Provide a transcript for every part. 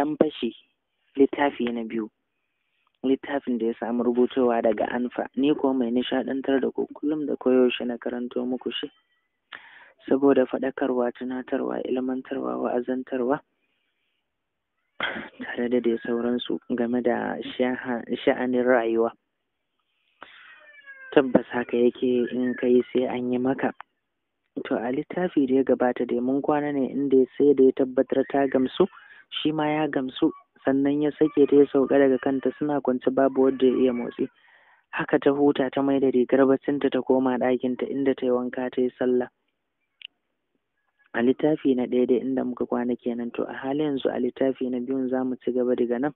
ɗan fashi littafi na biyu littafin da ya samu rubutowa daga anfa ni ko mai nishaɗantar da ku kullum da koyaushe na karanto muku shi saboda faɗakarwa tunatarwa ilmantarwa wa'azantarwa tare da dai sauransu game da sha'anin rayuwa tabbas haka yake in kai sai an yi maka to a littafi da ya gabata da mun kwana ne inda sai da ya tabbatar ta gamsu shi ma ya gamsu sannan ya sake ta ya sauka daga kanta suna kwance babu wanda ya iya motsi haka ta huta ta mai da rigar bacinta ta koma ɗakinta inda ta yi wanka ta yi sallah a littafi na ɗaya da inda muka kwana kenan to a halin yanzu a littafi na biyun za mu ci gaba daga nan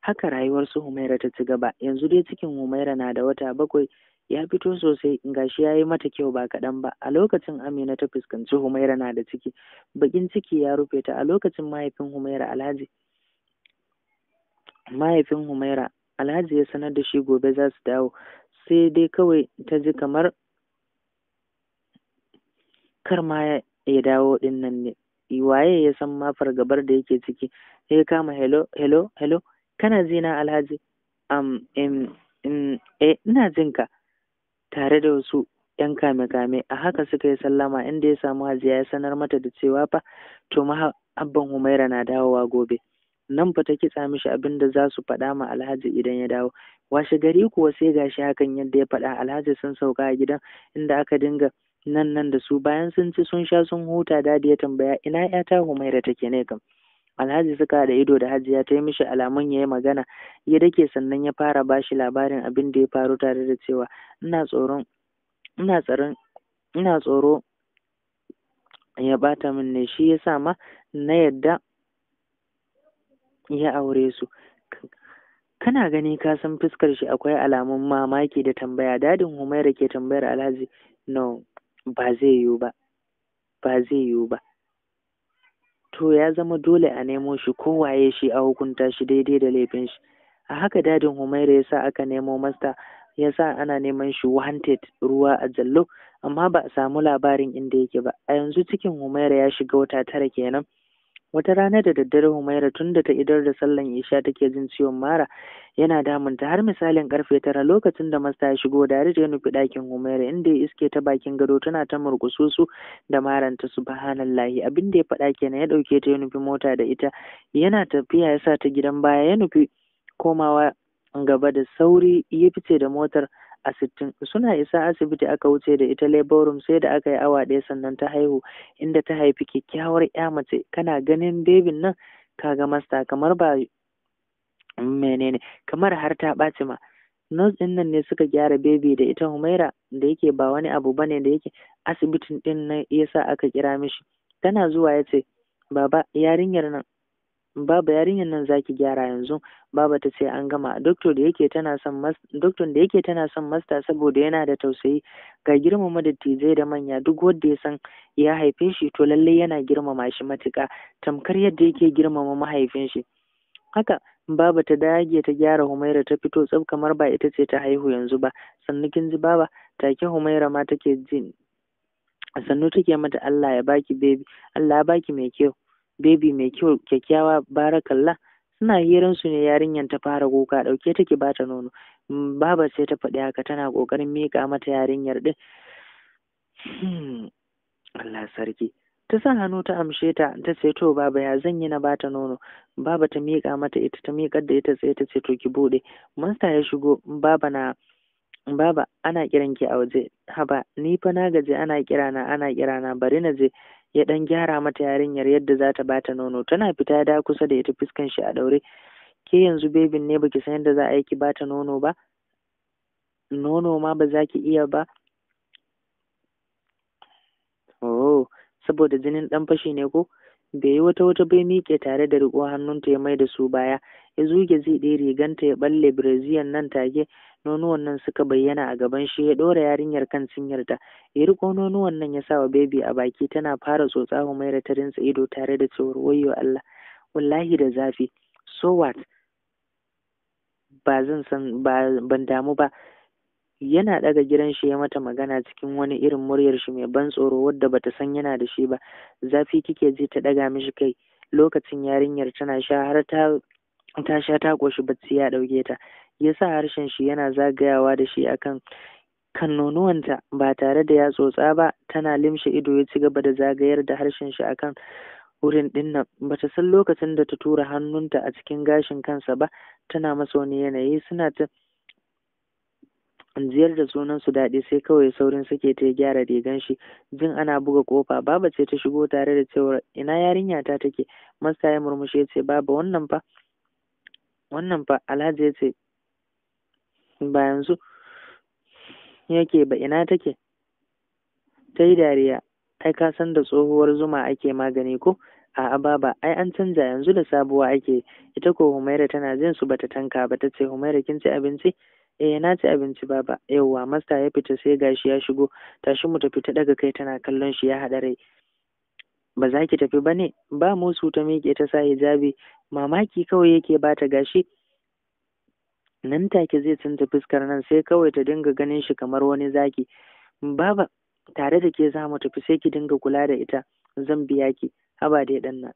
haka rayuwar su humaira ta ci gaba yanzu dai cikin humaira na da wata bakwai ya fito sosai gashi ya yi mata kyau ba kaɗan ba a lokacin amina ta fuskanci humaira na da ciki bakin ciki ya rufe ta a lokacin mahaifin humaira alhaji mahaifin humaira alhaji ya sanar da shi gobe za su dawo sai dai kawai ta ji kamar kar ma ya dawo din nan ne waye ya san ma fargabar da yake ciki ya kama hello hello hello kana zina alhaji am um, eh ina jinka tare da wasu ‘yan kame-kame a haka suka yi sallama inda ya samu hajiya ya sanar mata da cewa fa to ma abban humaira na dawowa gobe nan fa ta kitsa mishi abin da za su faɗa ma alhaji idan ya dawo washe gari kuwa sai gashi hakan yadda ya faɗa alhaji sun sauka a gidan inda aka dinga nan nan da su bayan sun ci sun sha sun huta dadi ya tambaya ina 'yata humaira take ne kam Alhaji suka da ido da Hajiya ta yi mishi alamun ya yi magana, ya dake sannan ya fara ba shi labarin abin da ya faru tare da cewa ina tsoron ina tsaron ina tsoro ya ɓata min ne shi ya sa ma na yadda ya aure su. Kana gani ka san fuskar shi akwai alamun mamaki da tambaya dadin Humaira ke tambayar Alhaji no ba zai yiwu ba ba zai yiwu ba to ya zama dole a nemo shi ko waye shi a hukunta shi daidai da laifin shi a haka dadin humaira ya sa aka nemo masta ya sa ana neman shi wanted ruwa a jallo amma ba a samu labarin inda yake ba a yanzu cikin humaira ya shiga wata tara kenan wata rana da daddare humaira tun da ta idar da sallan isha take jin ciwon mara yana damunta har misalin karfe tara lokacin da masta ya shigo da ya nufi ɗakin humaira inda ya iske ta bakin gado tana ta murkususu da maranta subhanallahi abin da ya faɗa kenan ya ɗauke ta ya nufi mota da ita yana tafiya ya sa ta gidan baya ya nufi komawa gaba da sauri ya fice da motar a sittin suna isa asibiti aka wuce da ita labor sai da aka yi awa ɗaya sannan ta haihu inda ta haifi kyakkyawar ya mace kana ganin bebin nan kaga masta kamar ba menene kamar har ta ɓaci ma nurse ɗin nan ne suka gyara bebi da ita humaira da yake ba wani abu bane da yake asibitin ɗin nan yasa aka kira mishi tana zuwa yace, baba yarinyar nan baba yarinyar nan zaki gyara yanzu baba ta ce an gama doctor da yake tana son doctor da yake tana son masta saboda yana da tausayi ga girmama dattijai da manya duk wanda ya san ya haife shi to lalle yana girmama shi matuka tamkar yadda yake girmama mahaifin shi haka baba ta dage ta gyara humaira ta fito tsaf kamar ba ita ce ta haihu yanzu ba sannu kin ji baba take humaira ma take jin sannu take mata Allah ya baki baby Allah ya baki mai kyau baby mai kyau kyakkyawa kalla suna hirar su ne yarinyar ta fara kuka dauke take ba ta nono baba sai ta faɗi haka tana kokarin mika mata yarinyar din hmm. Allah sarki ta sa hannu ta amshe ta ta ce to baba ya zan yi na bata nono baba ta miƙa mata ita ta miƙar da ita sai ta ce to ki bude masta ya shigo baba na baba ana kiran ki a waje haba ni fa na gaje ana kirana ana kirana bari na je ya ɗan gyara mata yarinyar yadda za ta bata nono tana fita da kusa da ita fuskan shi a daure ke yanzu bebin ne baki san yadda za a yi ki bata nono ba nono ma ba za ki iya ba oh saboda jinin dan fashi ne ko bai yi wata wata bai miƙe tare da riƙo hannunta ya mai da su baya ya zuge zai ɗaya riganta ya balle brazilian nan take nonuwan nan suka bayyana a gaban shi ya ɗora yarinyar kan cinyar ta. ya riko nonuwan nan ya wa bebi a baki tana fara tsotsa maira ta rintsa ido tare da cewar wayyo Allah wallahi da zafi so what ba zan san ba ban damu ba yana ɗaga gidan shi ya mata magana cikin wani irin muryar shi mai ban tsoro wadda bata san yana da shi ba zafi kike ji ta daga mishi kai lokacin yarinyar tana sha har ta ta sha ta koshi bacci ya ɗauke ta ya sa harshen shi yana zagayawa da shi akan kan nonuwanta ba tare da ya tsotsa ba tana limshe ido ya ci gaba da zagayar da harshen shi akan wurin dinnan bata san lokacin da ta tura hannunta a cikin gashin kansa ba tana masa wani yanayi suna ta ziyar da sunan su daɗi sai kawai saurin suke ta gyara rigan shi jin ana buga kofa baba ce ta shigo tare da cewar ina yarinya ta take masta ya murmushe ce baba wannan fa wannan fa alhaji ya ce ba yanzu yake ba ina take ta yi dariya ai ka san da tsohuwar zuma ake magani ko a'a baba ai an canza yanzu da sabuwa ake ita ko humaira tana jin su bata tanka ba ta ce humaira kin ci abinci eh na ci abinci baba yauwa masta ya fita sai gashi ya shigo tashi mu tafi ta daga kai tana kallon shi ya haɗa rai ba za ki tafi ba ne ba musu ta miƙe ta sa hijabi mamaki kawai yake bata gashi nan take zai canza fuskar nan sai kawai ta dinga ganin shi kamar wani zaki baba tare da ke za mu tafi sai ki dinga kula da ita zan biya ki haba dai dan nan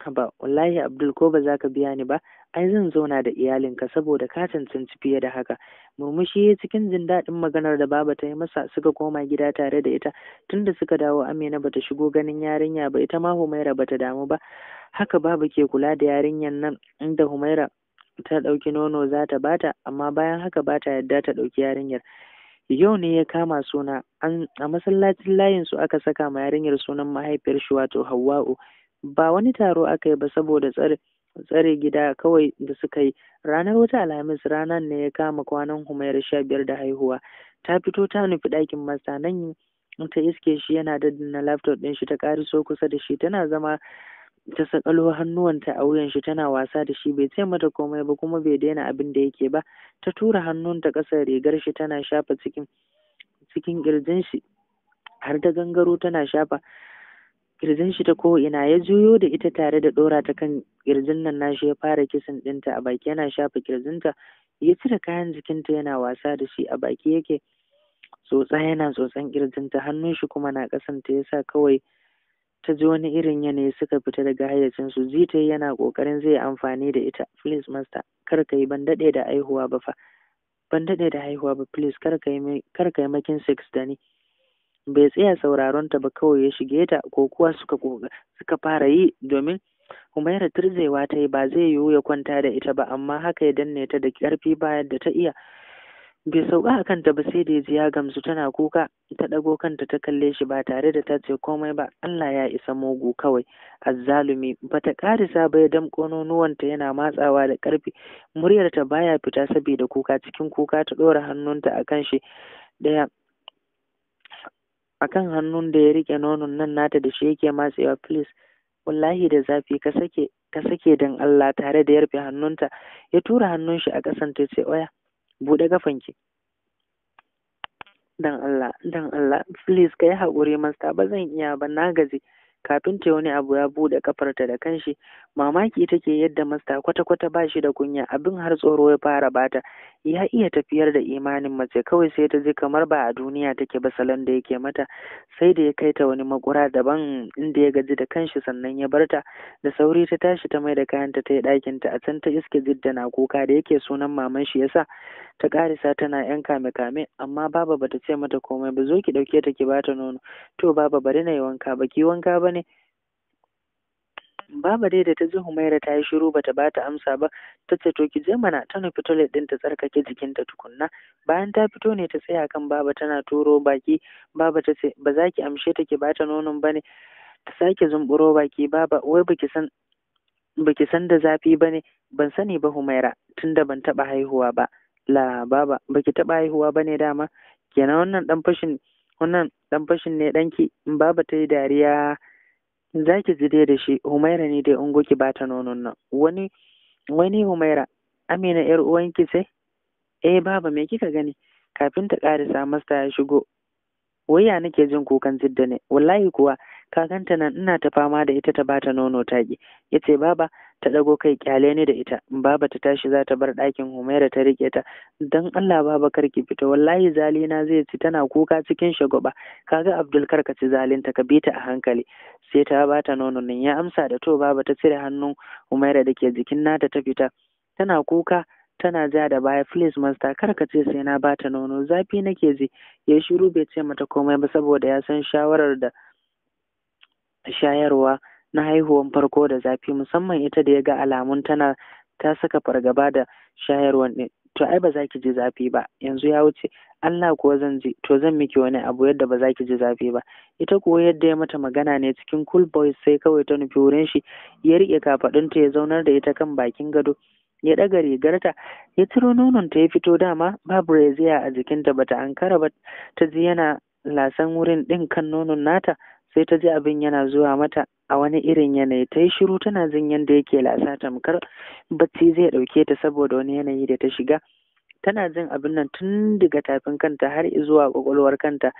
haba wallahi abdul ko ba za ka biya ni ba ai zan zauna da iyalinka saboda ka cancanci fiye da haka murmushi ya cikin jin daɗin maganar da baba ta yi masa suka koma gida tare da ita tunda suka dawo amina bata shigo ganin yarinya ba ita ma humaira bata damu ba haka baba ke kula da yarinyan nan inda humaira ta ɗauki nono za ta bata amma bayan haka ba ta yarda ta ɗauki yarinyar yau ne ya kama suna a masallacin layin su aka saka ma yarinyar sunan mahaifiyar shi wato Hawwa'u ba wani taro aka yi ba saboda tsare tsare gida kawai da suka yi ranar wata alhamis ranar ne ya kama kwanan humayar sha biyar da haihuwa ta fito ta nufi ɗakin masta nan ta iske shi yana daddana laptop ɗin shi ta ƙariso kusa da shi tana zama ta sakalo hannuwanta a wuyan shi tana wasa da shi bai ce mata komai ba kuma bai daina abin da yake ba ta tura hannunta ƙasar rigar shi tana shafa cikin cikin kirjin shi har ta gangaro tana shafa kirjin shi ta ina ya juyo da ita tare da ɗora ta kan kirjin nan nashi ya fara kisan ɗinta a baki yana shafa kirjinta ya cire kayan jikinta yana wasa da shi a baki yake tsotsa yana tsotsan kirjinta hannun shi kuma na ƙasanta ya sa kawai ta ji wani irin yanayi suka fita daga hayyacinsu ji ta yana kokarin zai amfani da ita please master kar ka yi ban daɗe da haihuwa ba fa ban da haihuwa ba please kar ka yi makin sex da ni bai tsaya sauraron ta ba kawai ya shige ta ko kuwa suka fara yi domin Humaira turzewa ta yi ba zai yiwu ya kwanta da ita ba amma haka ya danne ta da ƙarfi bayan da ta iya bai sauka a kanta ba sai da ya ji ya gamsu tana kuka ta ɗago kanta ta kalle shi ba tare da ta ce komai ba Allah ya isa mugu kawai azzalumi bata ƙarisa ba ya damƙo nonuwanta yana matsawa da ƙarfi muryarta baya fita saboda kuka cikin kuka ta ɗora hannunta akan shi ɗaya kan hannun da ya riƙe nonon nan nata da shi yake matsewa please wallahi da zafi ka sake ka sake dan Allah tare da yarfe hannunta ya tura hannun shi a ƙasan ta ce oya buɗe gafanki dan Allah dan Allah please kai haƙuri masta ba zan iya ba na gaji kafin ta wani abu ya buɗe kafarta da kanshi mamaki take yadda masta kwata kwata ba shi da kunya abin har tsoro ya fara bata ya iya tafiyar da imanin mace kawai sai ta ji kamar ba a duniya take ba salon da yake mata sai da ya kai ta wani makura daban inda ya gaji da kanshi sannan ya barta da sauri ta tashi ta mai da kayanta ta yi ɗakin ta a can ta iske jidda na kuka da yake sunan maman shi yasa ta karisa tana yan kame kame amma baba bata ce mata komai ba zo ki ɗauke ta ki bata nono to baba bari na yi wanka ba ki wanka ba ne Baba dai da ta ji Humaira ta yi shiru bata ba ta amsa ba, ta ce to ki je mana ta nufi toilet ta tsarkake jikinta tukunna. Bayan ta fito ne ta tsaya kan Baba tana turo baki, Baba ta ce ba za ki amshe ta ki bata nonon ba ne. Ta sake zumburo baki Baba wai baki san baki san da zafi ba ne ban sani ba Humaira tunda ban taɓa haihuwa ba. La Baba baki taɓa haihuwa ba ne dama kenan wannan ɗan fashin wannan ɗan fashin ne ɗanki Baba ta yi dariya za ki ji dai da shi humaira ne dai ungo ki bata nonon nan wani wani humaira amina yar uwanki sai eh baba me kika gani kafin ta karisa masta ya shigo waya nake jin kukan zidda ne wallahi kuwa kakanta nan ina ta fama da ita ta bata nono ta ya ce baba ta ɗago kai kyale ni da ita baba ta tashi za ta bar ɗakin humaira ta riƙe ta don allah baba kar ki fita wallahi zali na zai ci tana kuka cikin shagwaba kaga abdul kar ka ci zalin ta ka bi ta a hankali sai ta bata nono nan ya amsa da to baba ta cire hannun humaira da ke jikin nata ta fita tana kuka tana ja da baya please master kar ka ce sai na bata nono zafi nake ji ya shiru bai ce mata komai ba saboda ya san shawarar da shayarwa na haihuwan farko da zafi musamman ita da ya ga alamun tana ta saka fargaba da shayarwan ɗin to ai ba za ki ji zafi ba yanzu ya wuce Allah kuwa zan ji to zan miki wani abu yadda ba za ki ji zafi ba ita kuwa yadda ya mata magana ne cikin cool boys sai kawai ta nufi wurin shi ya riƙe kafaɗunta ya zaunar da ita kan bakin gado ya ɗaga rigarta ya ciro nononta ya fito dama babu ra'ziya a jikinta bata ankara ba ta ji yana lasan wurin ɗin kan nonon nata sai ta ji abin yana zuwa mata a wani irin yanayi ta yi shiru tana jin yadda yake lasa tamkar bacci zai ɗauke ta saboda wani yanayi da ta shiga tana jin abin nan tun daga tafin kanta har zuwa kwakwalwar kanta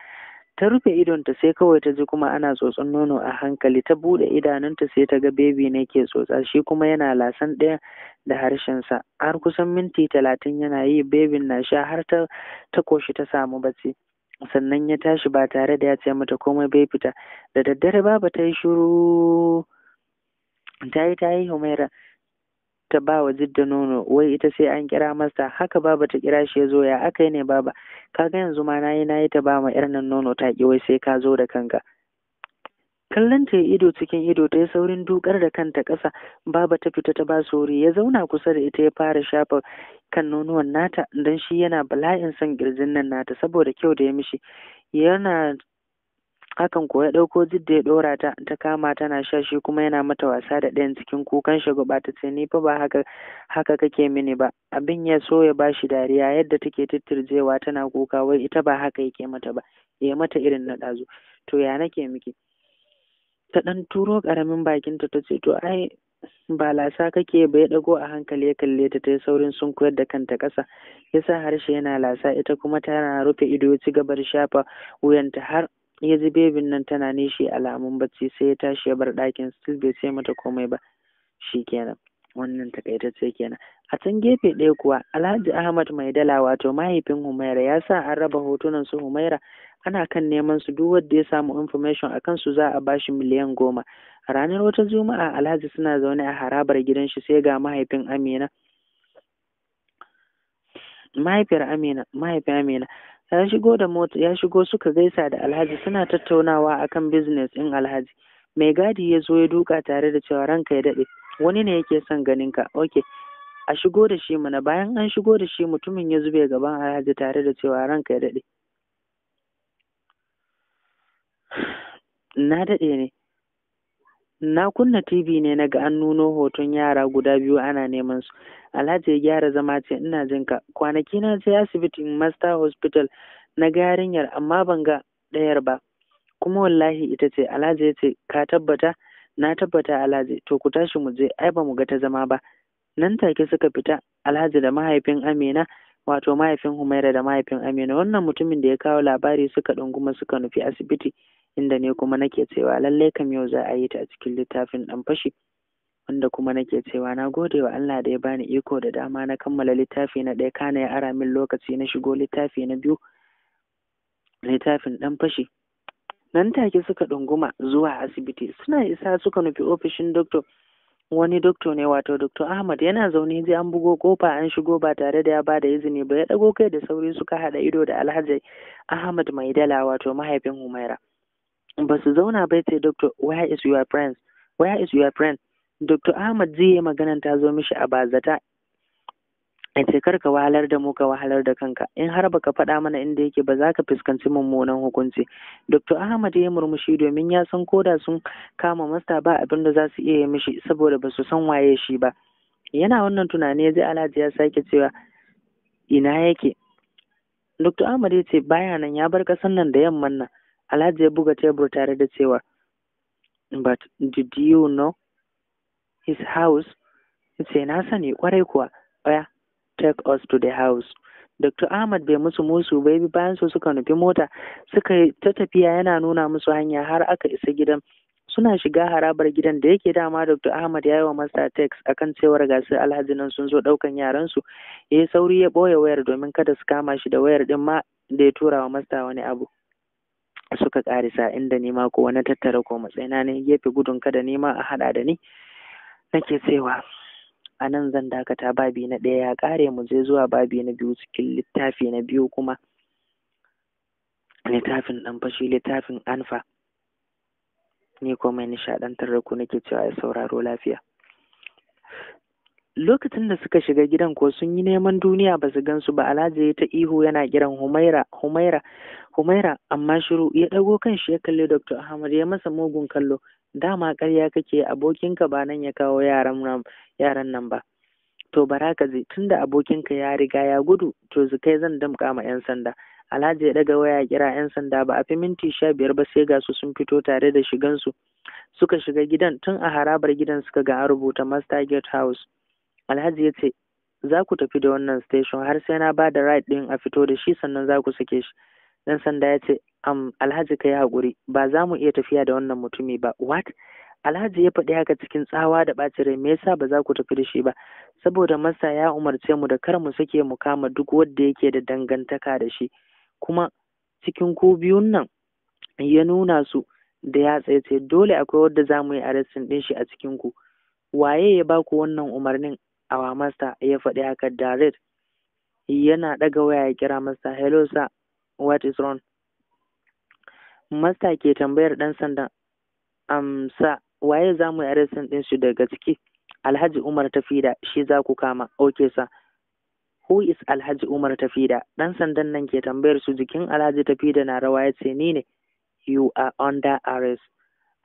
ta rufe idonta sai kawai ta ji kuma ana tsotson nono a hankali ta buɗe idanunta sai ta ga bebi ne ke tsotsa shi kuma yana lasan ɗaya da harshensa har kusan minti talatin yana yi bebin na sha har ta ta koshi ta samu bacci sannan ya tashi ba tare da ya ce mata komai bai fita da daddare baba ta yi shuru ta yi ta yi humaira ta ba wa jidda nono wai ita sai an kira masa. haka baba ta kira shi ya zo ya aka yi ne baba kaga yanzu ma na yi ta ba ma yar nan nono ta ki wai sai ka zo da kanka kallon ta ido cikin ido ta yi saurin dukar da kanta ƙasa baba ta fita ta ba wuri ya zauna kusa da ita ya fara shafa kan nonuwan nata don shi yana bala'in son kirjin nan nata saboda kyau da ya mishi yana hakan ko ya ɗauko jidda ya ɗora ta ta kama tana sha shi kuma yana mata wasa da ɗayan cikin kukan shi gaba ta ce ni fa ba haka haka kake mini ba abin ya so ya bashi dariya yadda take tittirjewa tana kuka wai ita ba haka yake mata ba ya mata irin na ɗazu to ya nake miki ta ɗan turo ƙaramin bakinta ta ce to ai ba lasa kake ba ya ɗago a hankali ya kalle ta yi saurin sun koyar da kanta ƙasa sa harshe yana lasa ita kuma tana rufe ido ya ci gabar shafa wuyanta har ya ji bebin nan tana nishi alamun bacci sai ya tashi ya bar ɗakin still bai sai mata komai ba shikenan wannan takaitacce kenan a can gefe ɗaya kuwa alhaji ahmad mai dala wato mahaifin humaira ya sa an raba hotunan su humaira ana kan neman su duk wanda ya samu information a kansu za a bashi miliyan goma ranar wata juma'a alhaji suna zaune a harabar gidan shi sai ga mahaifin amina mahaifiyar amina mahaifin amina ya shigo da mota ya shigo suka gaisa da alhaji suna tattaunawa akan business ɗin alhaji mai gadi ya zo ya duka tare da cewa ranka ya daɗe wani ne yake son ganin ka okay a shigo da shi mana bayan an shigo da shi mutumin ya zube gaban alhaji tare da cewa ranka ya daɗe na daɗe ne na kunna tv ne na ga an nuno hoton yara guda biyu ana neman su alhaji ya gyara zama ce ina jin ka kwanaki na ce asibitin master hospital na ga yarinyar amma ban ga ɗayar ba kuma wallahi ita ce alhaji ya ce ka tabbata na tabbata alhaji to ku tashi mu je ai ba mu ga ta zama ba nan take suka fita alhaji da mahaifin amina wato mahaifin humaira da mahaifin amina wannan mutumin da ya kawo labari suka ɗunguma suka nufi asibiti inda ne kuma nake cewa lallai kam yau za a yi ta a cikin littafin ɗan fashi wanda kuma nake cewa na gode wa Allah da ya bani iko da dama na kammala littafi na ɗaya kana ya ara min lokaci na shigo littafi na biyu littafin ɗan fashi nan take suka ɗunguma zuwa asibiti suna isa suka nufi ofishin doktor wani doktor ne wato doktor ahmad yana zaune ji an bugo kofa an shigo ba tare da ya ba da izini ba ya ɗago kai da sauri suka haɗa ido da alhaji ahmad mai dala wato mahaifin humaira ba su zauna ba sai doktor where is your friends where is your friend Dr. Ahmad zai yi maganan ta zo mishi a bazata in ce kar ka wahalar da mu ka wahalar da kanka in har baka faɗa mana inda yake ba za ka fuskanci mummunan hukunci dr ahmad ya murmushi domin ya san ko da sun kama masta ba abin da za su iya yi mishi saboda ba su san waye shi ba yana wannan tunani ya ji alhaji ya sake cewa ina yake dr ahmad ya ce baya nan ya bar kasan nan da yamman nan alhaji ya buga tebur tare da cewa but did you know his house ya ce na sani kwarai kuwa take us to the house Dr. Ahmad bai musu musu bai bi bayan su suka nufi mota suka ta tafiya yana nuna musu hanya har aka isa gidan suna shiga harabar gidan da yake dama Dr. Ahmad ya yi wa masa a akan cewar gasar alhazi nan sun zo ɗaukan yaran su ya yi sauri ya ɓoye wayar domin kada su kama shi da wayar din ma da ya tura wa Master wani abu suka karisa inda nima ko wani tattara ko matsayina ne gefe gudun kada nima a haɗa da ni nake cewa a nan zan dakata babi na ɗaya ya ƙare mu je zuwa babi na biyu cikin littafi na biyu kuma littafin ɗan fashi littafin anfa ni komai mai nishaɗantar da ku nake cewa ya sauraro lafiya lokacin da suka shiga gidan ko sun yi neman duniya ba su gan su ba alhaji ya ta ihu yana kiran humaira humaira humaira amma shiru ya ɗago kan shi ya kalli dr ahmad ya masa mugun kallo dama karya kake abokinka ba nan ya kawo yaran nan ba to bara ka je tunda abokinka ya riga ya gudu to kai zan damƙa ma 'yan sanda Alhaji ya daga waya kira 'yan sanda ba a fi minti sha biyar ba sai ga su sun fito tare da shigansu suka shiga gidan tun a harabar gidan suka ga an rubuta master gate house Alhaji ya ce za ku tafi da wannan station har sai na ba da right din a fito da shi sannan za ku sake shi 'yan sanda ya ce um, alhaji ka yi haƙuri ba za mu iya tafiya da wannan mutumi ba what alhaji ya faɗi haka cikin tsawa da ɓacin rai me yasa ba za ku tafi da shi ba saboda masa ya umarce mu da kar mu sake mu kama duk wanda yake da dangantaka da shi kuma cikin ku biyun nan ya nuna su da ya tsaye dole akwai wadda za mu yi arestin ɗin shi a cikin ku waye ya ba ku wannan umarnin awa masa ya faɗi haka direct yana ɗaga waya ya kira masa hello sir what is wrong Masta ke tambayar ɗan sanda amsa waye za mu yi ɗin shi daga ciki Alhaji Umar Tafida shi za ku kama oke sa who is Alhaji Umar Tafida ɗan sandan nan ke tambayar su jikin Alhaji Tafida na rawa ya ce ni ne you are under arrest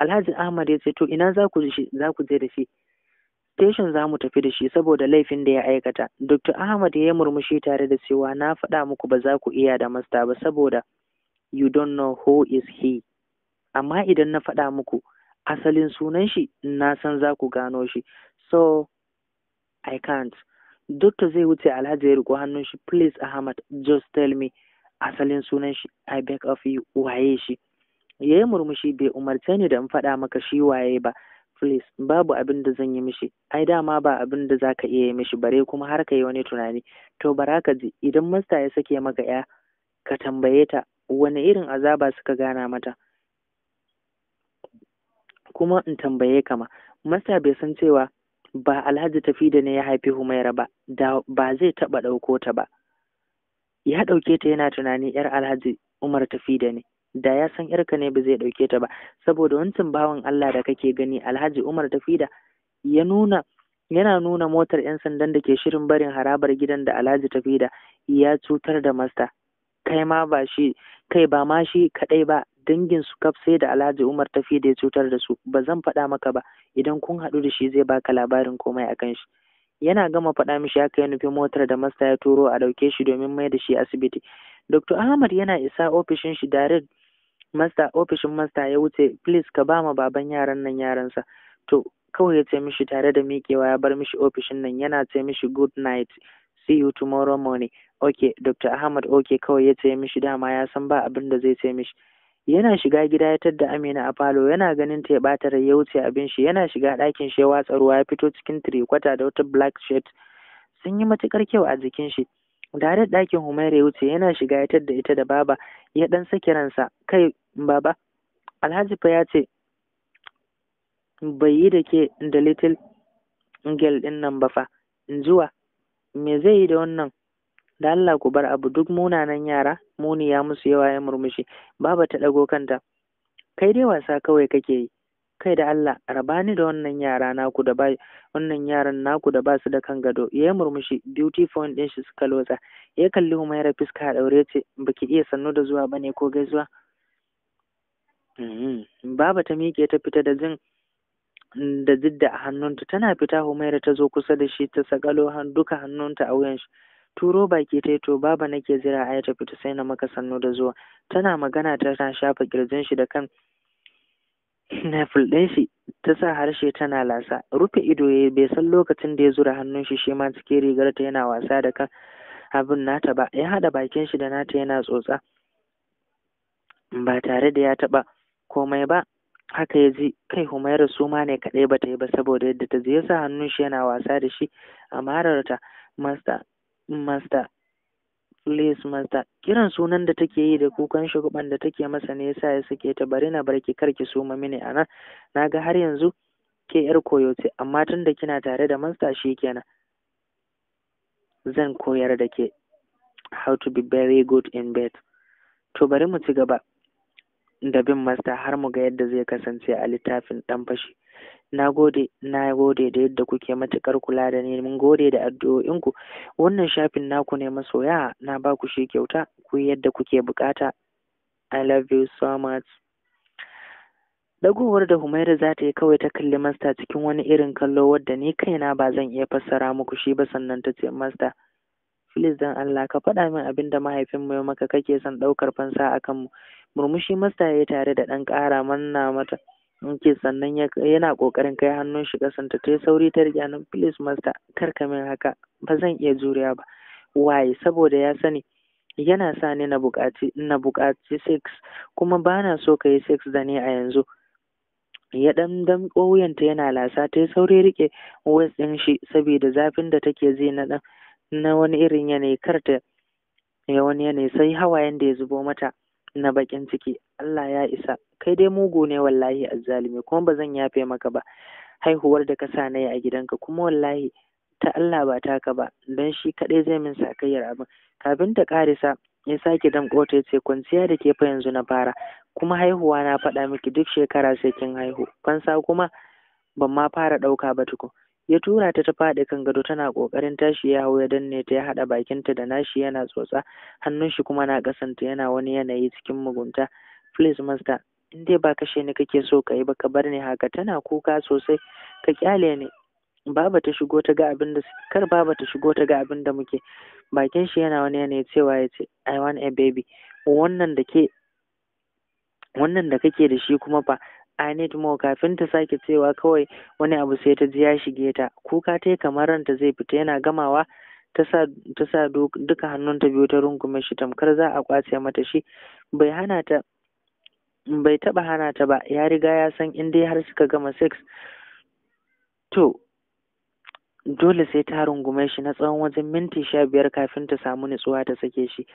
Alhaji Ahmad ya ce to ina za ku za ku je da shi station za mu tafi da shi saboda laifin da ya aikata Dr. Ahmad ya yi murmushi tare da cewa na faɗa muku ba za ku iya da masta ba saboda you don't know who is he amma idan na faɗa muku asalin sunan shi na san za ku gano shi so i can't dokta zai wuce alhaji ya riko hannun shi please ahmad just tell me asalin sunan shi i beg of you waye shi ya yi murmushi bai umarce ni da in faɗa maka shi waye ba please babu abin da zan yi mishi ai dama ba abin da za ka iya yi mishi bare kuma har ka yi wani tunani to bara ka ji idan masta ya sake maka ya ka tambaye ta Wani irin azaba suka gana mata kuma in tambaye kama. ma masa bai san cewa ba alhaji tafi da ne ya haifi humaira ba da ba zai taɓa ɗauko ta ba ya ɗauke ta yana tunani yar alhaji umar tafi da ne da ya san yarka ne ba zai ɗauke ta ba saboda wancan bawan allah da kake gani alhaji umar tafi da ya nuna yana nuna motar 'yan sandan da ke shirin barin harabar gidan da alhaji tafi da ya cutar da masta kai ma ba shi kai ba ma shi kaɗai ba dangin su kaf da Alhaji Umar tafi da ya cutar da su ba zan faɗa maka ba idan kun haɗu da shi zai baka labarin komai akan shi yana gama faɗa mishi haka ya nufi motar da masta ya turo a ɗauke shi domin mai da shi asibiti Dr. Ahmad yana isa ofishin shi direct masta ofishin masta ya wuce please ka ba ma baban yaran nan yaransa to kawai ya ce mishi tare da miƙewa ya bar mishi ofishin nan yana ce mishi good night see you tomorrow morning okay dr ahmad okay kawai ya ce mishi dama ya san ba abin da zai ce mishi yana shiga gida ya tadda amina a falo yana ganin ta ya bata rai ya wuce abin shi yana shiga ɗakin shi ya watsa ruwa ya fito cikin tirikwata da wata black shirt sun yi matukar kyau a jikin shi da ɗakin humaira ya wuce yana shiga ya tadda ita da baba ya ɗan saki ransa kai baba alhaji fa ya ce bai yi da ke da little girl ɗin nan ba fa in zuwa me zai yi da wannan da Allah ku bar abu duk munanan yara muni ya musu yawa ya murmushi baba ta ɗago kanta kai dai wasa kawai kake yi kai da Allah raba ni da wannan yara naku da ba wannan yaran naku da basu da kan gado ya murmushi beauty point din shi suka lotsa ya kalli Humaira fiska a daure ce baki iya sannu da zuwa bane ko gaisuwa mm-hmm. baba ta miƙe ta fita da jin da didda a hannunta tana fita humaira ta zo kusa da shi ta sakalo duka hannunta a wuyan shi turo baki ta to baba nake zira a ta fita sai na maka sannu da zuwa tana magana ta shafa kirjin shi da kan nafil ɗin shi ta sa harshe tana lasa rufe ido ya bai san lokacin da ya zura hannun shi shi ma cikin rigar ta yana wasa da kan abin nata ba ya haɗa bakin shi da nata yana tsotsa ba tare da ya taɓa komai ba haka ya ji kai Humaira su ma ne kaɗai ba ta yi ba saboda yadda ta ji ya sa hannun shi yana wasa da shi a mararta master master please master kiran sunan da take yi da kukan shugaban da take masa ne yasa ya sake ta bari na barki karki su ma mini anan naga har yanzu ke yar koyo amma tun da kina tare da master kenan. zan koyar da ke how to be very good in bed to bari mu ci gaba da bin masta har mu ga yadda zai kasance a littafin ɗan fashi na gode na gode da yadda kuke matuƙar kula da ni mun gode da addu'o'inku wannan shafin naku ne masoya na ba ku shi kyauta ku yadda kuke bukata i love you so much dagowar da humaira za ta yi kawai ta kalli masta cikin wani irin kallo wadda ni kaina ba zan iya fassara muku shi ba sannan ta ce masta Filis dan Allah ka faɗa min abin da mahaifinmu ya maka kake son ɗaukar fansa a kanmu murmushi masta ya tare da ɗan ƙara manna mata yake sannan yana ƙoƙarin kai hannun shi ƙasanta ta sauri ta riƙe hannun please masta kar ka min haka ba zan iya juriya ba waye saboda ya sani yana sa ni na buƙaci na buƙaci sex kuma bana so ka yi sex da ni a yanzu ya ɗan wuyanta yana lasa ta sauri riƙe waist ɗin shi saboda zafin da take ji na ɗan na wani irin yanayi kar ta ya wani yanayi sai hawayen da ya zubo mata na bakin ciki Allah ya isa kai dai mugu ne wallahi azzalimi kuma ba zan yafe maka ba haihuwar da ka sa na a gidanka kuma wallahi ta Allah ba taka ba don shi kaɗai zai min sakayyar abin kafin ta ƙarisa ya sake kota ya ce kwanciya da ke fa yanzu na fara kuma haihuwa na faɗa miki duk shekara sai kin haihu fansa kuma ban ma fara ɗauka ba tukun ya tura ta ta faɗi kan gado tana ƙoƙarin tashi ya hau ya danne ta ya haɗa bakinta da nashi yana tsotsa hannun shi kuma na ƙasanta yana wani yanayi cikin mugunta please master in dai ba kashe ni kake so ka yi ba ka bar ni haka tana kuka sosai ka kyale ni baba ta shigo ta ga abin da kar baba ta shigo ta ga abin da muke bakin shi yana wani yanayi cewa ya ce i want a baby wannan da ke wannan da kake da shi kuma fa I need more kafin ta sake cewa kawai wani abu sai ta ji ya shige ta kuka ta kamar ranta zai fita yana gamawa ta sa duka ta biyu ta rungume shi tamkar za a kwace mata shi bai hana ta bai taba hana ta ba ya riga ya san in dai har suka gama sex to dole sai ta rungume shi na tsawon wajen minti sha biyar kafin ta samu nutsuwa ta sake shi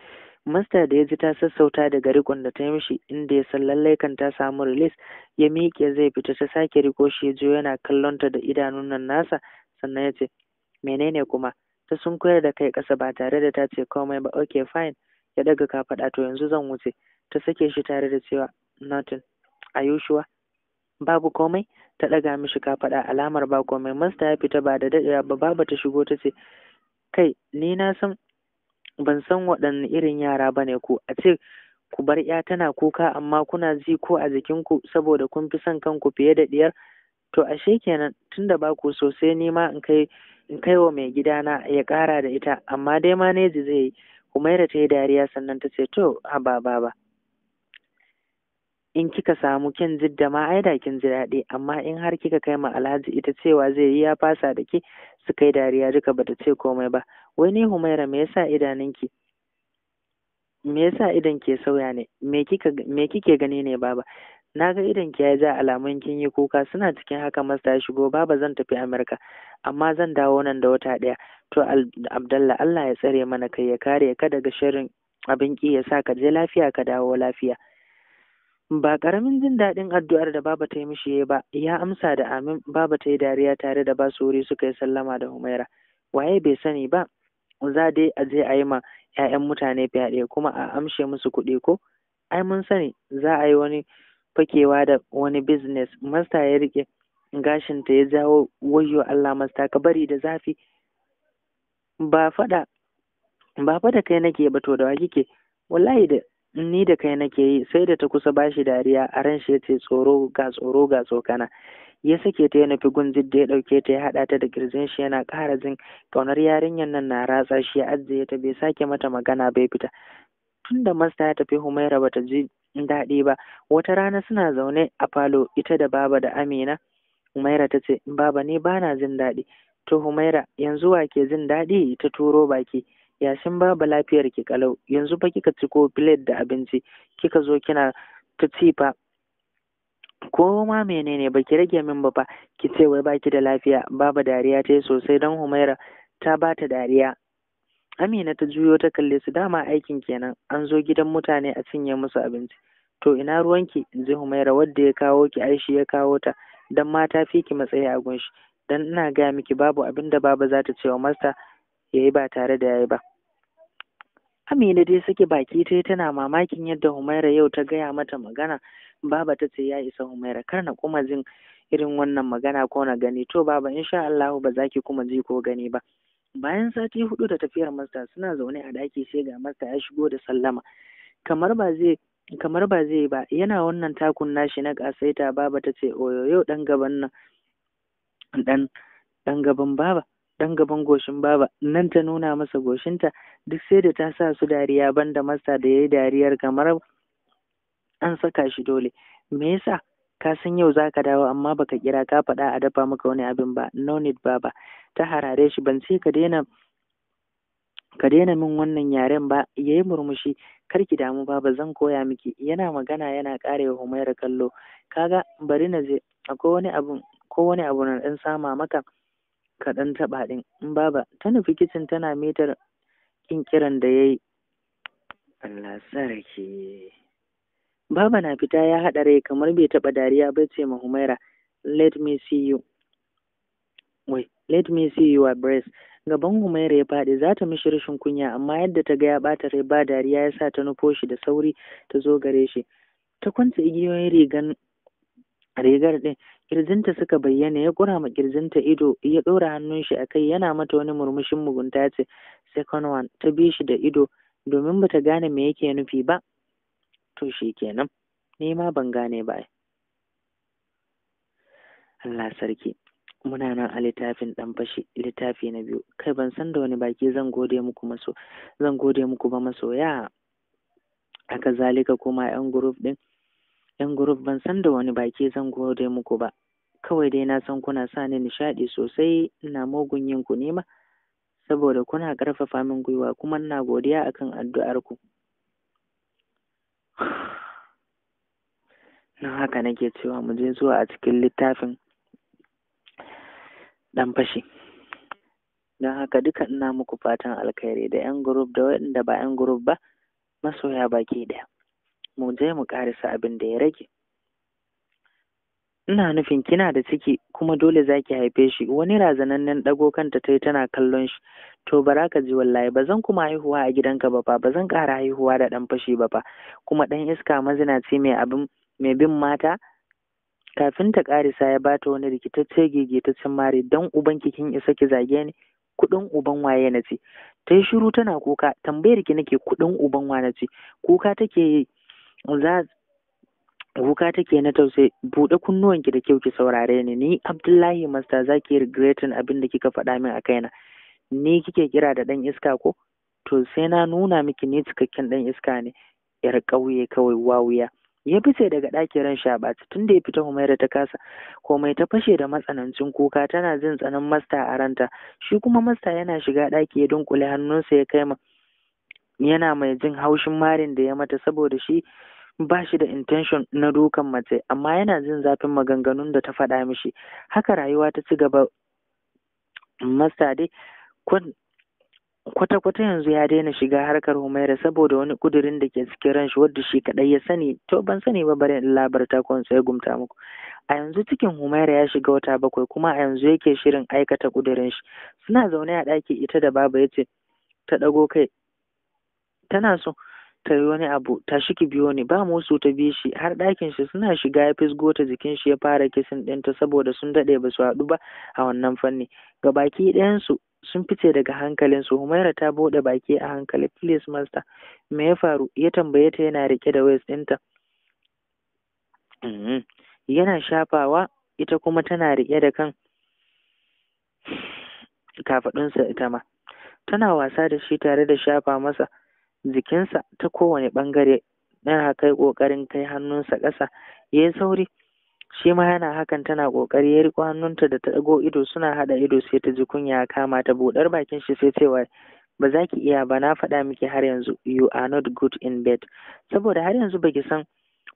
masta da ya ji ta sassauta daga rikon da ta yi mishi inda ya san lallai kan ta samu release ya miƙe zai fita ta sake riko shi ya yana kallon ta da idanun nan nasa sannan ya ce menene kuma ta sun koyar da kai ƙasa ba tare da ta ce komai ba ok fine ya daga kafaɗa to yanzu zan wuce ta sake shi tare da cewa nothing are you babu komai ta ɗaga mishi faɗa, alamar ba komai masta ya fita ba da daɗewa ba baba ta shigo ta ce kai ni na san ban san waɗanne irin yara ba ne ku a ce ku bar ya tana kuka amma kuna ji ko a jikinku saboda kun fi son kanku fiye da ɗiyar to ashe kenan tunda ba ku sosai, ni ma in kai in kai wa mai gidana ya ƙara da ita amma dai ma maneji zai yi Kuma yadda ta yi dariya sannan ta ce to ba baba in kika samu kin jidda ma ai da kin ji daɗi amma in har kika kai ma alhaji ita cewa zai yi ya fasa da ke su kai dariya duka bata ce komai ba wai ni humaira me yasa ki me yasa idan ke sauya ne me kika me kike gani ne baba na ga idan ki ya ja alamun kin yi kuka suna cikin haka masta shigo baba zan tafi amurka amma zan dawo nan da wata ɗaya to abdallah allah ya tsare mana kai ya kare ka daga shirin abin ki ya sa ka je lafiya ka dawo lafiya Ba ƙaramin jin daɗin addu'ar da baba ta yi mishi ya ba, ya amsa da amin baba ta yi dariya tare da ba su wuri suka yi sallama da Humaira. Waye bai sani ba, za dai a je a yi ma ‘ya'yan mutane fyaɗe kuma a amshe musu kuɗi ko? Ai mun sani za a yi wani fakewa da wani business, masta ya riƙe gashinta ya jawo wayo Allah masta ka bari da zafi. Ba faɗa, ba faɗa kai nake ba to da wa kike, wallahi da ni da kai nake yi sai da ta kusa bashi dariya a ran shi yace tsoro ga tsoro ga tsokana ya sake ta ya nufi gunzid da ya ɗauke ta ya haɗa ta da kirjin shi yana ƙara jin kaunar yarinyar nan na ratsa shi ya ajiye ta bai sake mata magana bai fita tunda masta ya tafi humaira bata ji daɗi ba wata rana suna zaune a falo ita da baba da amina humaira ta ce baba ni bana jin daɗi to humaira yanzu wa ke jin daɗi ta turo baki yashin babu lafiyar ki kalau yanzu fa kika ci ko plate da abinci kika zo kina ta ci fa ko ma menene ba ki rage min ba fa ki ce wai baki da lafiya babu dariya ta yi sosai don humaira ta ba ta dariya amina ta juyo ta kalle su dama aikin kenan an zo gidan mutane a cinye musu abinci to ina ruwanki in ji humaira wadda ya kawo ki aishi ya kawo ta dan mata fi ki matsayi a gunshi dan ina gaya miki babu abin da baba za ta ce wa masta ya yi ba tare da ya yi ba Amina dai sake baki ta tana mamakin yadda Humaira yau ta gaya mata magana baba ta ce ya isa Humaira kar na kuma jin irin wannan magana ko na gani to baba insha Allah ba za kuma ji ko gani ba bayan sati hudu da tafiyar masta suna zaune a daki sai ga masta ya shigo da sallama kamar ba zai kamar ba zai ba yana wannan takun nashi na kasaita baba ta ce oyoyo dan gaban nan dan dan gaban baba Ɗan gaban goshin baba nan ta nuna masa goshinta duk sai da ta sa su dariya banda masta da ya yi dariyar kamar an saka shi dole me yasa ka san yau za ka dawo amma baka kira ka faɗa a dafa maka wani abin ba no need baba ta harare shi ban ce ka daina ka daina min wannan yaren ba yayi murmushi kar ki damu baba zan koya miki yana magana yana ƙare wa Humaira kallo kaga bari na je akwai wani abu ko wani abu na ɗan sama maka Kaɗan taɓa ɗin in baba ta nufi kicin tana mitar ƙinƙiran da yayi Allah sarki baba na fita ya haɗa rai kamar bai taɓa dariya ba ce ma Humaira let me see you wait let me see at breast gaban Humaira ya faɗi za ta mishi rashin kunya amma yadda ta ga ya ɓata rai ba dariya ya sa ta nufo shi da sauri ta zo gare shi ta kwanta igiyoyin rigar ɗin kirjinta suka bayyana ya kura ma kirjinta ido ya ɗora hannun shi a kai yana mata wani murmushin mugunta ce second one ta bi shi da ido domin bata gane me yake nufi ba to shi kenan ni ma ban gane ba Allah sarki muna nan a littafin dan fashi littafi na biyu kai ban san da wani baki zan gode muku maso zan gode muku ba masoya aka zalika kuma yan group din yan group ban san da wani baki zan gode muku ba kawai dai na san kuna sa ni nishaɗi sosai ina mugun yin ku nema saboda kuna ƙarfafa min gwiwa kuma ina godiya akan addu'arku nan haka nake cewa mu je zuwa a cikin littafin ɗan fashi don haka duka ina muku fatan alkhairi da 'yan gurub da waɗanda ba 'yan guruf ba masoya baki ɗaya mu je mu ƙarisa abin da ya rage ina nufin kina da ciki kuma dole za ki haife shi wani razanannen ɗago kanta ta yi tana kallon shi to bara ka ji wallahi ba zan kuma haihuwa a gidanka ba fa ba zan ƙara haihuwa da ɗan fashi ba fa kuma ɗan iska mazinaci mai abin mai bin mata kafin ta ƙarisa ya bata wani rikitacce gegetaccen mare dan uban kin isa ki zage ni kuɗin uban waye na ce ta yi shiru tana kuka tambayar ki nake kuɗin uban wa na ce kuka take yi za wuka take na tausayi buɗe kunnuwanki da kyau ki saurare ni ni abdullahi masta zaki ki regretin abin da kika faɗa min a kaina ni kike kira da ɗan iska ko to sai na nuna miki ni cikakken ɗan iska ne yar ƙauye kawai wawuya ya fi sai daga ɗakin ran shaɓaci tun da ya fita humaira ta kasa komai ta fashe da matsanancin kuka tana jin tsanan masta a ranta shi kuma masta yana shiga ɗaki ya dunkule hannunsa ya kai ma yana mai jin haushin marin da ya mata saboda shi ba shi da intention na dukan mace amma yana jin zafin maganganun da ta faɗa mishi haka rayuwa ta ci gaba masada, dai kwata-kwata yanzu ya daina shiga harkar humaira saboda wani kudirin da ke cikin ranshi wadda shi kadai ya sani to ban sani ba bare in labarta ko sai gumta muku a yanzu cikin humaira ya shiga wata bakwai kuma a yanzu yake shirin aikata kudirin shi suna zaune a ɗaki ita da baba yace ta ɗago kai tana so ta wani abu ta shi ki biyo ni ba mu musu ta bi shi har ɗakin shi suna shiga ya fisgo ta jikin shi ya fara kisin ɗinta saboda sun daɗe ba su haɗu ba a wannan fanni ga baki ɗayansu sun fice daga hankalin su humaira ta buɗe baki a hankali please master me ya faru ya tambaye ta yana riƙe da waist ɗinta mm-hmm. yana shafawa ita kuma tana riƙe da kan kafaɗunsa ita ma tana wasa da shi tare da shafa masa jikinsa ta kowane ɓangare yana kai ƙoƙarin kai hannunsa ƙasa ya yi sauri shi ma yana hakan tana ƙoƙari ya riƙo hannunta da ta ɗago ido suna haɗa ido sai ta ji kunya kama ta buɗar bakin shi sai cewa ba za ki iya ba na faɗa miki har yanzu you are not good in bed saboda har yanzu baki san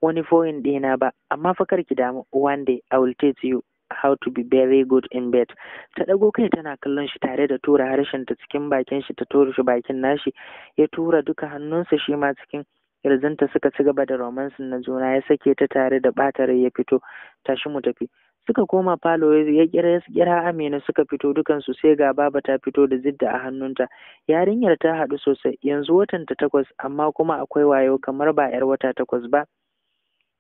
wani foyin ɗina ba amma fa kar ki damu one day I will teach you how to be very good in bed ta ɗago kai tana kallon shi tare da tura harshen ta cikin bakin shi ta tura shi bakin nashi ya tura duka hannunsa shi ma cikin yarzinta suka ci gaba da romansin na juna ya sake ta tare da bata rai ya fito tashi mu tafi suka koma falo ya kira ya kira Amina suka fito dukansu sai ga baba ta fito da zidda a hannunta yarinyar ta haɗu sosai yanzu watan ta takwas amma kuma akwai wayo kamar ba yar wata takwas ba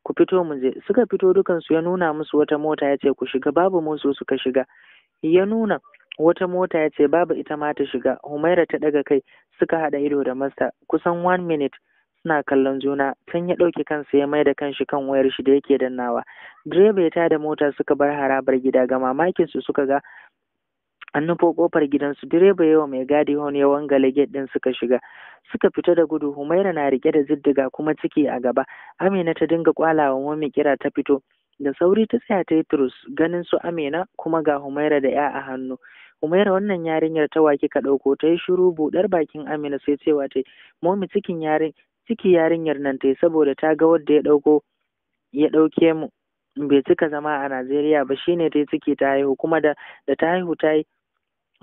ku fito mu je suka fito dukansu ya nuna musu wata mota ya ce ku shiga babu musu suka shiga ya nuna wata mota ya ce babu ita ma ta shiga humaira ta daga kai suka haɗa ido da masta kusan one minute suna kallon juna can ya ɗauki kansa ya mai da kanshi kan wayar shi da yake dannawa direba ya tada mota suka bar harabar gida ga mamakin su suka ga an nufo kofar gidansu direba yawa mai gadi hon ya wangale gate din suka shiga suka fita da gudu humaira na rike da ziddiga kuma ciki a gaba amina ta dinga kwalawa mami kira ta fito da sauri ta tsaya ta yi turus ganin su amina kuma ga humaira da ya a hannu humaira wannan yarinyar ta waki ka ɗauko ta yi shiru buɗar bakin amina sai cewa ta momi cikin yarin ciki yarinyar nan ta yi saboda ta ga wadda ya ɗauko ya ɗauke mu bai cika zama a najeriya ba shine ta yi ciki ta haihu kuma da da ta haihu ta yi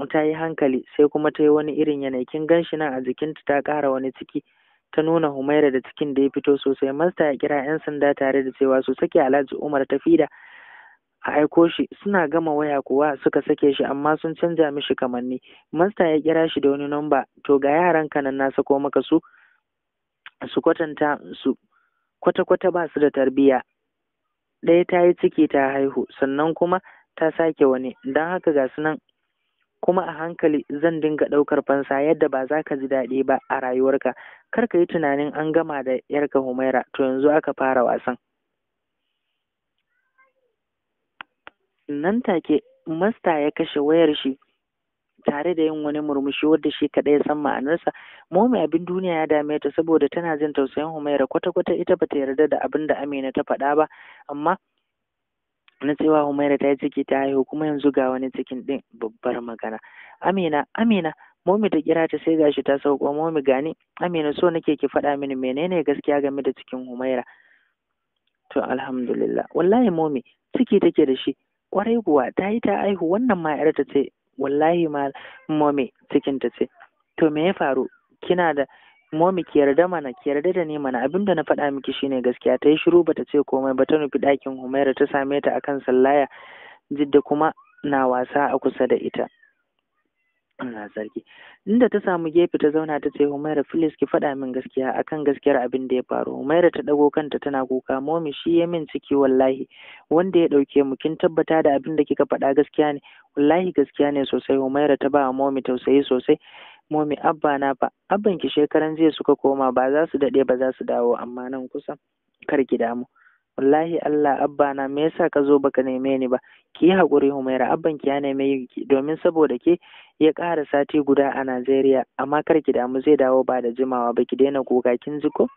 ta yi hankali sai kuma ta yi wani irin yanayi kin gan shi nan a jikinta ta ƙara wani ciki ta nuna humaira da cikin da ya fito sosai masta ya kira yan sanda tare da cewa su sake alhaji umar ta a aiko shi suna gama waya kuwa suka sake shi amma sun canza mishi kamanni masta ya kira shi da wani namba to ga yaran kanan na sako maka su su kwatanta su kwata-kwata ba su da tarbiyya ɗaya ta yi ciki ta haihu sannan kuma ta sake wani don haka ga su nan kuma a hankali zan dinga ɗaukar fansa yadda ba za ka ji daɗi ba a rayuwarka kar ka yi tunanin an gama da yarka humaira to yanzu aka fara wasan nan take masta ya kashe wayar shi tare da yin wani murmushi wadda shi kaɗai ya san ma'anarsa momi abin duniya ya dame ta saboda tana jin tausayin humaira kwata-kwata ita ba ta yarda da abin da amina ta faɗa ba amma na cewa Humaira ta yi ciki ta haihu kuma yanzu ga wani cikin din babbar magana Amina Amina Momi ta kira ta sai gashi ta sauko Momi gani Amina so nake ki faɗa mini menene gaskiya game da cikin Humaira to alhamdulillah wallahi Momi ciki take da shi kwarai kuwa ta yi ta haihu wannan ma ta ce wallahi ma Momi cikin ta ce to me ya faru kina da momi ki yarda mana ki da ni mana abinda na faɗa miki shine gaskiya ta yi shiru bata ce komai ba ta nufi ɗakin humaira ta same ta akan sallaya jidda kuma na wasa a kusa da ita sarki inda ta samu gefe ta zauna ta ce Humaira Filis ki faɗa min gaskiya akan gaskiyar abin da ya faru Humaira ta dago kanta tana kuka momi shi ya min ciki wallahi wanda ya ɗauke mu kin tabbata da abin da kika faɗa gaskiya ne wallahi gaskiya ne sosai Humaira ta ba momi tausayi sosai momi abba na fa abban ki shekaran jiya suka koma ba za su daɗe ba za su dawo amma nan kusa kar ki damu wallahi Allah abba na me yasa ka zo baka neme ni ba ki haƙuri Humaira abban ki ya neme ki domin saboda ke ya ƙara sati guda a Najeriya amma kar ki damu zai dawo ba da jimawa ba ki daina kuka kin ji ko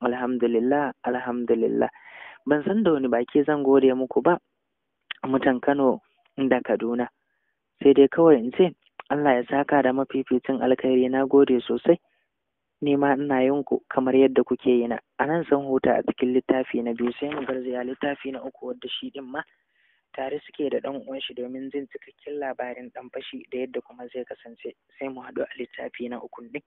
alhamdulillah alhamdulillah ban san da wani baki zan gode muku ba mutan Kano da Kaduna sai dai kawai in ce Allah ya saka da mafificin alkhairi na gode sosai Nima ma ina yin ku kamar yadda kuke yi na a nan san huta a cikin littafi na biyu sai mu garzaya littafi na uku wadda shi din ma tare suke da ɗan uwan shi domin zin cikakken labarin ɗan fashi da yadda kuma zai kasance sai mu haɗu a littafi na uku ɗin.